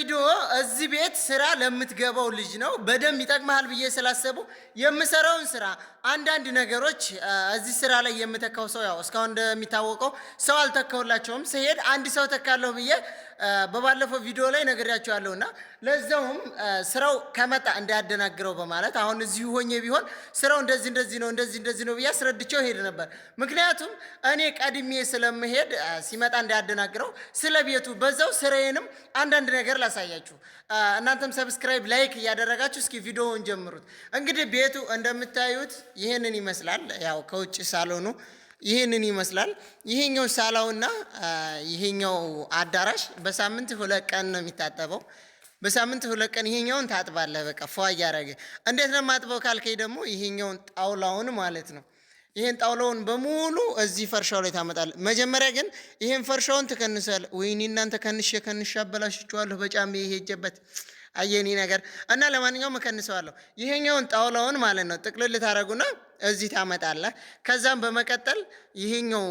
ቪዲዮ እዚህ ቤት ስራ ለምትገባው ልጅ ነው በደንብ ይጠቅመሃል ብዬ ስላሰቡ የምሰራውን ስራ አንዳንድ ነገሮች እዚህ ስራ ላይ የምተካው ሰው ያው እስካሁን እንደሚታወቀው ሰው አልተካውላቸውም። ስሄድ አንድ ሰው ተካለሁ ብዬ በባለፈው ቪዲዮ ላይ ነግሬያቸዋለሁ እና ለዛውም ስራው ከመጣ እንዳያደናግረው በማለት አሁን እዚሁ ሆኜ ቢሆን ስራው እንደዚህ እንደዚህ ነው እንደዚህ እንደዚህ ነው ብዬ አስረድቼው ሄድ ነበር። ምክንያቱም እኔ ቀድሜ ስለምሄድ ሲመጣ እንዳያደናግረው ስለ ቤቱ በዛው ስራዬንም አንዳንድ ነገር ላሳያችሁ። እናንተም ሰብስክራይብ፣ ላይክ እያደረጋችሁ እስኪ ቪዲዮውን ጀምሩት። እንግዲህ ቤቱ እንደምታዩት ይህንን ይመስላል። ያው ከውጭ ሳሎኑ ይህንን ይመስላል። ይሄኛው ሳላውና ይሄኛው አዳራሽ በሳምንት ሁለት ቀን ነው የሚታጠበው። በሳምንት ሁለት ቀን ይሄኛውን ታጥባለህ። በቃ ፏ እያደረገ እንዴት ነው ማጥበው ካልከኝ ደግሞ ይሄኛውን ጣውላውን ማለት ነው ይሄን ጣውላውን በሙሉ እዚህ ፈርሻው ላይ ታመጣለህ። መጀመሪያ ግን ይሄን ፈርሻውን ትከንሳለህ። ወይኔ እናንተ ከንሽ ከንሽ አበላሽችኋለሁ በጫም ይሄጀበት አየኒ ነገር እና ለማንኛውም እከንሰዋለሁ። ይሄኛውን ጣውላውን ማለት ነው ጥቅልል ታደረጉና እዚህ ታመጣለህ። ከዛም በመቀጠል ይሄኛው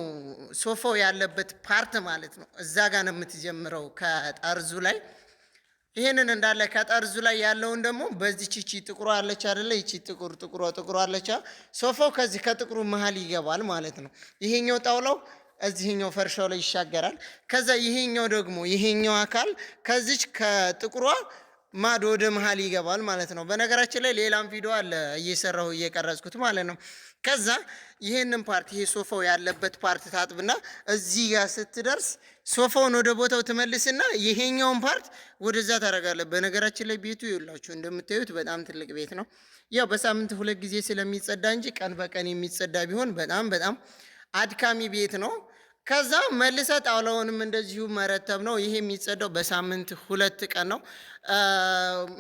ሶፋው ያለበት ፓርት ማለት ነው እዛ ጋር ነው የምትጀምረው ከጠርዙ ላይ ይህንን እንዳለ ከጠርዙ ላይ ያለውን ደግሞ በዚች ይቺ ጥቁሩ አለች አደለ? ይቺ ጥቁር ጥቁሯ ጥቁሩ አለች። ሶፋው ከዚህ ከጥቁሩ መሀል ይገባል ማለት ነው። ይሄኛው ጣውላው እዚህኛው ፈርሻው ላይ ይሻገራል። ከዛ ይሄኛው ደግሞ ይሄኛው አካል ከዚች ከጥቁሯ ማዶ ወደ መሀል ይገባል ማለት ነው። በነገራችን ላይ ሌላም ቪዲዮ አለ እየሰራሁ እየቀረጽኩት ማለት ነው። ከዛ ይህንን ፓርት ይሄ ሶፋው ያለበት ፓርት ታጥብና እዚህ ጋር ስትደርስ ሶፋውን ወደ ቦታው ትመልስና ይሄኛውን ፓርት ወደዛ ታደርጋለ በነገራችን ላይ ቤቱ ይውላችሁ እንደምታዩት በጣም ትልቅ ቤት ነው። ያው በሳምንት ሁለት ጊዜ ስለሚጸዳ እንጂ ቀን በቀን የሚጸዳ ቢሆን በጣም በጣም አድካሚ ቤት ነው። ከዛ መልሰ ጣውላውንም እንደዚሁ መረተብ ነው። ይሄ የሚጸዳው በሳምንት ሁለት ቀን ነው።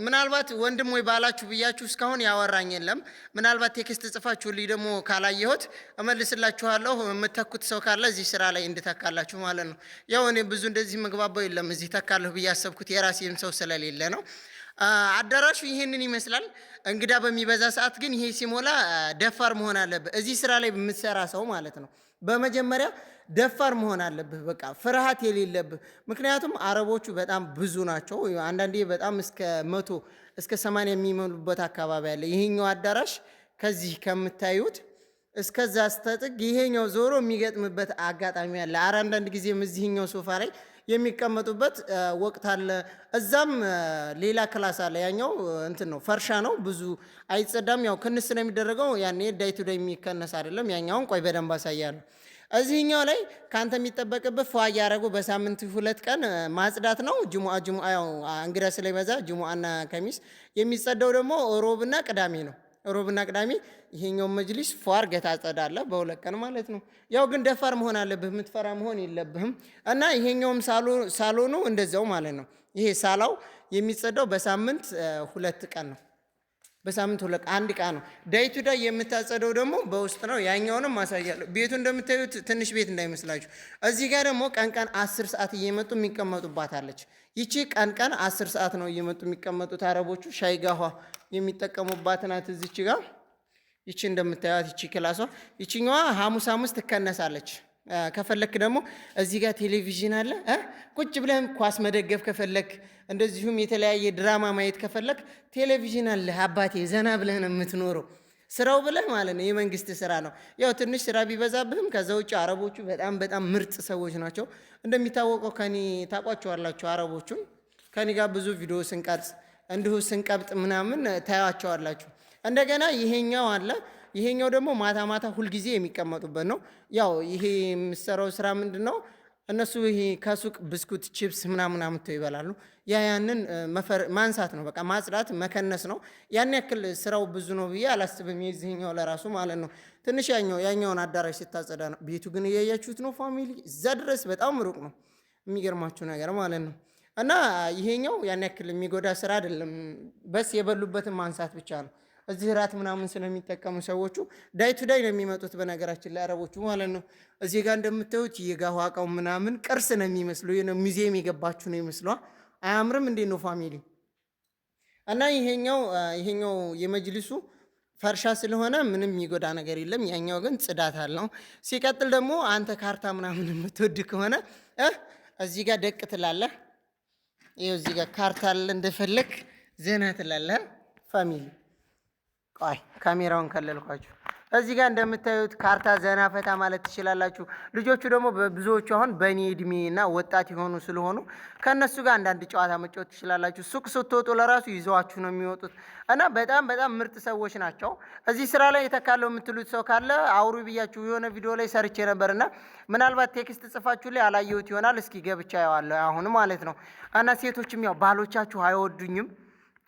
ምናልባት ወንድም ወይ ባላችሁ ብያችሁ እስካሁን ያወራኝ የለም። ምናልባት ቴክስት ጽፋችሁልኝ ደግሞ ካላየሁት እመልስላችኋለሁ። የምተኩት ሰው ካለ እዚህ ስራ ላይ እንድተካላችሁ ማለት ነው። ያው እኔ ብዙ እንደዚህ ምግባባው የለም እዚህ ተካለሁ ብዬ የራሴም ሰው ስለሌለ ነው። አዳራሹ ይሄንን ይመስላል። እንግዳ በሚበዛ ሰዓት ግን ይሄ ሲሞላ ደፋር መሆን አለብህ። እዚህ ስራ ላይ የምትሰራ ሰው ማለት ነው። በመጀመሪያ ደፋር መሆን አለብህ። በቃ ፍርሃት የሌለብህ ምክንያቱም አረቦቹ በጣም ብዙ ናቸው። አንዳንዴ በጣም እስከ መቶ እስከ ሰማንያ የሚሞሉበት አካባቢ አለ። ይሄኛው አዳራሽ ከዚህ ከምታዩት እስከዛ ስተጥግ ይሄኛው ዞሮ የሚገጥምበት አጋጣሚ አለ። አረ አንዳንድ ጊዜም እዚህኛው ሶፋ ላይ የሚቀመጡበት ወቅት አለ። እዛም ሌላ ክላስ አለ። ያኛው እንትን ነው ፈርሻ ነው፣ ብዙ አይጸዳም። ያው ክንስ ነው የሚደረገው። ያኔ ዳይ ቱ ዳይ የሚከነስ አይደለም። ያኛውን ቆይ በደንብ አሳያለሁ። እዚህኛው ላይ ከአንተ የሚጠበቅበት ፏ እያደረጉ በሳምንት ሁለት ቀን ማጽዳት ነው። ጅሙአ ጅሙአ ያው እንግዳ ስለሚበዛ ጅሙአና ከሚስ የሚጸዳው ደግሞ ሮብና ቅዳሜ ነው። ሮብና ቅዳሜ ይሄኛው መጅሊስ ፏር አድርገህ ጸዳለ በሁለት ቀን ማለት ነው። ያው ግን ደፋር መሆን አለብህ፣ የምትፈራ መሆን የለብህም። እና ይሄኛውም ሳሎኑ እንደዚያው ማለት ነው። ይሄ ሳላው የሚጸዳው በሳምንት ሁለት ቀን ነው። በሳምንት ሁለት አንድ ቃ ነው። ዳይቱ ዳይ የምታጸደው ደግሞ በውስጥ ነው። ያኛውንም ማሳያለሁ። ቤቱ እንደምታዩት ትንሽ ቤት እንዳይመስላችሁ። እዚህ ጋር ደግሞ ቀን ቀን አስር ሰዓት እየመጡ የሚቀመጡባት አለች። ይቺ ቀን ቀን አስር ሰዓት ነው እየመጡ የሚቀመጡት አረቦቹ ሻይ ጋኋ የሚጠቀሙባት ናት። እዚች ጋር ይቺ እንደምታዩት ይቺ ክላሷ ይችኛዋ ሐሙስ ሐሙስ ትከነሳለች። ከፈለክ ደግሞ እዚህ ጋር ቴሌቪዥን አለ። ቁጭ ብለህም ኳስ መደገፍ ከፈለክ፣ እንደዚሁም የተለያየ ድራማ ማየት ከፈለክ ቴሌቪዥን አለ። አባቴ ዘና ብለህ ነው የምትኖረው። ስራው ብለህ ማለት ነው የመንግስት ስራ ነው። ያው ትንሽ ስራ ቢበዛብህም ከዛ ውጭ አረቦቹ በጣም በጣም ምርጥ ሰዎች ናቸው። እንደሚታወቀው ከኔ ታቋቸዋላቸው አረቦቹን ከኔ ጋር ብዙ ቪዲዮ ስንቀርጽ እንዲሁ ስንቀብጥ ምናምን ታያቸዋላችሁ። እንደገና ይሄኛው አለ። ይሄኛው ደግሞ ማታ ማታ ሁልጊዜ የሚቀመጡበት ነው። ያው ይሄ የምሰራው ስራ ምንድን ነው? እነሱ ይሄ ከሱቅ ብስኩት፣ ቺፕስ ምናምን አምጥተው ይበላሉ። ያ ያንን ማንሳት ነው፣ በቃ ማጽዳት መከነስ ነው። ያን ያክል ስራው ብዙ ነው ብዬ አላስብም። የዚህኛው ለራሱ ማለት ነው ትንሽ ያኛው ያኛውን አዳራሽ ስታጸዳ ነው። ቤቱ ግን እያያችሁት ነው፣ ፋሚሊ እዛ ድረስ በጣም ሩቅ ነው። የሚገርማችሁ ነገር ማለት ነው። እና ይሄኛው ያን ያክል የሚጎዳ ስራ አይደለም። በስ የበሉበትን ማንሳት ብቻ ነው። እዚህ ራት ምናምን ስለሚጠቀሙ ሰዎቹ ዳይ ቱ ዳይ ነው የሚመጡት። በነገራችን ላይ አረቦቹ ማለት ነው። እዚህ ጋር እንደምታዩት የጋሁ ምናምን ቅርስ ነው የሚመስሉ ሚዚየም የገባችሁ ነው ይመስሏ። አያምርም እንዴ ነው ፋሚሊ እና ይሄኛው ይሄኛው የመጅልሱ ፈርሻ ስለሆነ ምንም የሚጎዳ ነገር የለም። ያኛው ግን ጽዳት አለው። ሲቀጥል ደግሞ አንተ ካርታ ምናምን የምትወድ ከሆነ እዚህ ጋር ደቅ ትላለህ። ይኸው እዚህ ጋር ካርታ አለ፣ እንደፈለግ ዘና ትላለህ ፋሚሊ ቆይ ካሜራውን ከለልኳችሁ። እዚህ ጋር እንደምታዩት ካርታ ዘና ፈታ ማለት ትችላላችሁ። ልጆቹ ደግሞ ብዙዎቹ አሁን በእኔ እድሜና ወጣት የሆኑ ስለሆኑ ከእነሱ ጋር አንዳንድ ጨዋታ መጫወት ትችላላችሁ። ሱቅ ስትወጡ ለራሱ ይዘዋችሁ ነው የሚወጡት እና በጣም በጣም ምርጥ ሰዎች ናቸው። እዚህ ስራ ላይ የተካለው የምትሉት ሰው ካለ አውሩ ብያችሁ የሆነ ቪዲዮ ላይ ሰርቼ ነበር እና ምናልባት ቴክስት ጽፋችሁ ላይ አላየሁት ይሆናል። እስኪ ገብቻ ያዋለሁ አሁን ማለት ነው እና ሴቶችም ያው ባሎቻችሁ አይወዱኝም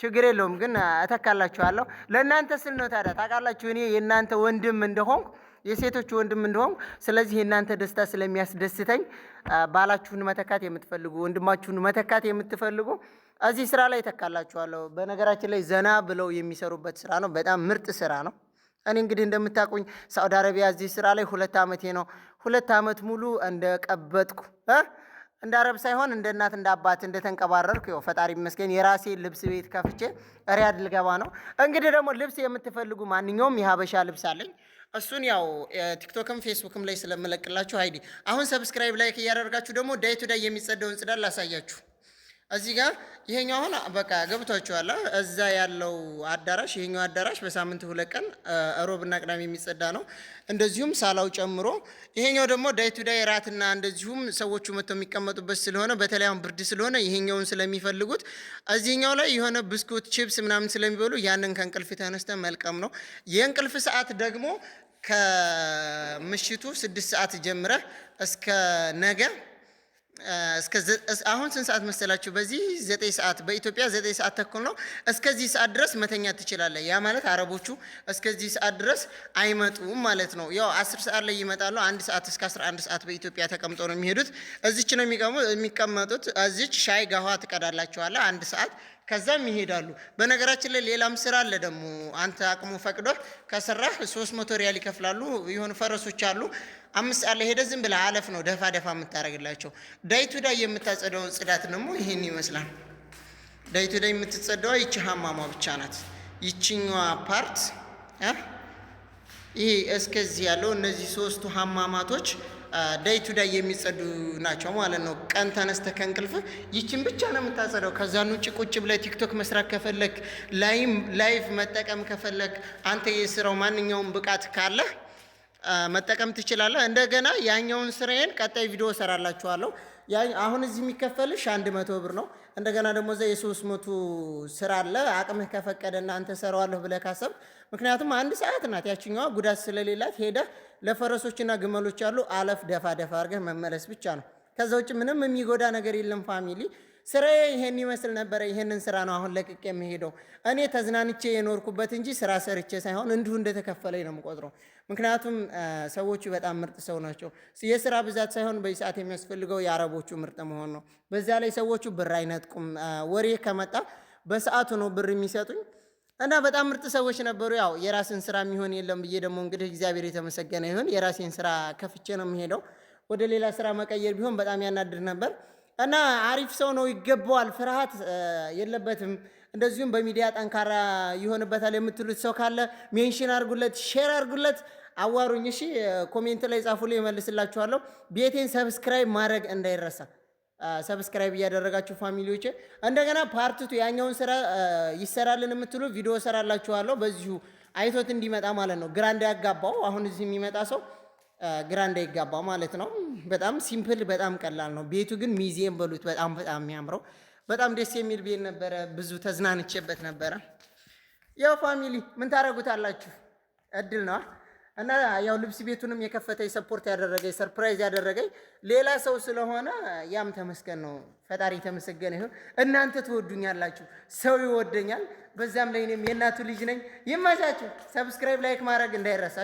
ችግር የለውም ግን እተካላችኋለሁ። ለእናንተ ስል ነው። ታዲያ ታውቃላችሁ እኔ የእናንተ ወንድም እንደሆንኩ የሴቶች ወንድም እንደሆንኩ፣ ስለዚህ የእናንተ ደስታ ስለሚያስደስተኝ ባላችሁን መተካት የምትፈልጉ ወንድማችሁን መተካት የምትፈልጉ እዚህ ስራ ላይ ተካላችኋለሁ። በነገራችን ላይ ዘና ብለው የሚሰሩበት ስራ ነው። በጣም ምርጥ ስራ ነው። እኔ እንግዲህ እንደምታውቁኝ ሳውዲ አረቢያ እዚህ ስራ ላይ ሁለት ዓመቴ ነው። ሁለት ዓመት ሙሉ እንደቀበጥኩ እንደ አረብ ሳይሆን እንደ እናት እንደ አባት እንደተንቀባረርኩ ይኸው ፈጣሪ ይመስገን የራሴ ልብስ ቤት ከፍቼ ሪያድ ልገባ ነው። እንግዲህ ደግሞ ልብስ የምትፈልጉ ማንኛውም የሀበሻ ልብስ አለኝ። እሱን ያው ቲክቶክም ፌስቡክም ላይ ስለምለቅላችሁ አይዲ አሁን ሰብስክራይብ ላይክ እያደረጋችሁ ደግሞ ዳይ ቱ ዳይ የሚጸደውን ጽዳል ላሳያችሁ። እዚህ ጋር ይሄኛው አሁን በቃ ገብቷችኋል። እዛ ያለው አዳራሽ ይሄኛው አዳራሽ በሳምንት ሁለት ቀን ሮብና ቅዳሜ የሚጸዳ ነው። እንደዚሁም ሳላው ጨምሮ ይሄኛው ደግሞ ዳይ ቱ ዳይ ራትና እንደዚሁም ሰዎቹ መጥተው የሚቀመጡበት ስለሆነ በተለይ አሁን ብርድ ስለሆነ ይሄኛውን ስለሚፈልጉት እዚህኛው ላይ የሆነ ብስኩት፣ ቺፕስ ምናምን ስለሚበሉ ያንን ከእንቅልፍ ተነስተ መልቀም ነው። የእንቅልፍ ሰዓት ደግሞ ከምሽቱ ስድስት ሰዓት ጀምረህ እስከ ነገ አሁን ስንት ሰዓት መሰላችሁ? በዚህ ዘጠኝ ሰዓት በኢትዮጵያ ዘጠኝ ሰዓት ተኩል ነው። እስከዚህ ሰዓት ድረስ መተኛ ትችላለህ። ያ ማለት አረቦቹ እስከዚህ ሰዓት ድረስ አይመጡም ማለት ነው። ያው አስር ሰዓት ላይ ይመጣሉ። አንድ ሰዓት እስከ አስራ አንድ ሰዓት በኢትዮጵያ ተቀምጦ ነው የሚሄዱት። እዚች ነው የሚቀመጡት። እዚች ሻይ ጋኋ ትቀዳላችኋለ አንድ ሰዓት ከዛም ይሄዳሉ። በነገራችን ላይ ሌላም ስራ አለ ደግሞ አንተ አቅሙ ፈቅዶ ከሰራህ ሶስት መቶ ሪያል ይከፍላሉ። የሆኑ ፈረሶች አሉ። አምስት ሰዓት ሄደ ዝም ብለህ አለፍ ነው ደፋ ደፋ የምታደርግላቸው። ዳይቱ ዳይ የምታጸደው ጽዳት ደግሞ ይህን ይመስላል። ዳይቱ ዳይ የምትጸደዋ ይቺ ሀማሟ ብቻ ናት። ይችኛዋ ፓርት ይሄ እስከዚህ ያለው እነዚህ ሶስቱ ሀማማቶች ዳይ ቱ ዳይ የሚጸዱ ናቸው ማለት ነው። ቀን ተነስተ ከእንቅልፍ ይችን ብቻ ነው የምታጸደው ከዛን ውጭ ቁጭ ብለ ቲክቶክ መስራት ከፈለግ ላይም ላይቭ መጠቀም ከፈለግ አንተ የስራው ማንኛውም ብቃት ካለህ መጠቀም ትችላለህ። እንደገና ያኛውን ስራዬን ቀጣይ ቪዲዮ እሰራላችኋለሁ። አሁን እዚህ የሚከፈልሽ አንድ መቶ ብር ነው። እንደገና ደግሞ እዛ የሶስት መቶ ስራ አለ። አቅምህ ከፈቀደ እናንተ ሰራዋለሁ ብለህ ካሰብ ምክንያቱም አንድ ሰዓት ናት ያችኛዋ፣ ጉዳት ስለሌላት ሄደህ ለፈረሶችና ግመሎች ያሉ አለፍ ደፋ ደፋ አድርገህ መመለስ ብቻ ነው። ከዛ ውጭ ምንም የሚጎዳ ነገር የለም። ፋሚሊ ስራዬ ይሄን ይመስል ነበረ። ይሄንን ስራ ነው አሁን ለቅቄ የምሄደው። እኔ ተዝናንቼ የኖርኩበት እንጂ ስራ ሰርቼ ሳይሆን እንዲሁ እንደተከፈለኝ ነው የምቆጥረው። ምክንያቱም ሰዎቹ በጣም ምርጥ ሰው ናቸው። የስራ ብዛት ሳይሆን በዚህ ሰዓት የሚያስፈልገው የአረቦቹ ምርጥ መሆን ነው። በዚያ ላይ ሰዎቹ ብር አይነጥቁም። ወሬ ከመጣ በሰዓቱ ነው ብር የሚሰጡኝ እና በጣም ምርጥ ሰዎች ነበሩ። ያው የራስን ስራ የሚሆን የለም ብዬ ደግሞ እንግዲህ እግዚአብሔር የተመሰገነ ይሁን የራሴን ስራ ከፍቼ ነው የሚሄደው ወደ ሌላ ስራ መቀየር ቢሆን በጣም ያናድድ ነበር። እና አሪፍ ሰው ነው፣ ይገባዋል፣ ፍርሃት የለበትም። እንደዚሁም በሚዲያ ጠንካራ ይሆንበታል የምትሉት ሰው ካለ ሜንሽን አርጉለት፣ ሼር አርጉለት። አዋሩኝ። እሺ ኮሜንት ላይ ጻፉልኝ፣ እመልስላችኋለሁ። ቤቴን ሰብስክራይብ ማድረግ እንዳይረሳ ሰብስክራይብ እያደረጋችሁ ፋሚሊዎች፣ እንደገና ፓርትቱ ያኛውን ስራ ይሰራልን የምትሉ ቪዲዮ ሰራላችኋለሁ። በዚሁ አይቶት እንዲመጣ ማለት ነው፣ ግራ እንዳያጋባው። አሁን እዚህ የሚመጣ ሰው ግራ እንዳይጋባ ማለት ነው። በጣም ሲምፕል፣ በጣም ቀላል ነው። ቤቱ ግን ሚዜም በሉት በጣም በጣም የሚያምረው በጣም ደስ የሚል ቤት ነበረ። ብዙ ተዝናንቼበት ነበረ። ያው ፋሚሊ ምን ታደርጉታላችሁ? እድል ነዋ። እና ያው ልብስ ቤቱንም የከፈተኝ ሰፖርት ያደረገኝ ሰርፕራይዝ ያደረገኝ ሌላ ሰው ስለሆነ ያም ተመስገን ነው። ፈጣሪ ተመሰገነ ይሁን። እናንተ ትወዱኛላችሁ፣ ሰው ይወደኛል። በዛም ላይ እኔም የእናቱ ልጅ ነኝ። ይመቻችሁ። ሰብስክራይብ፣ ላይክ ማድረግ እንዳይረሳ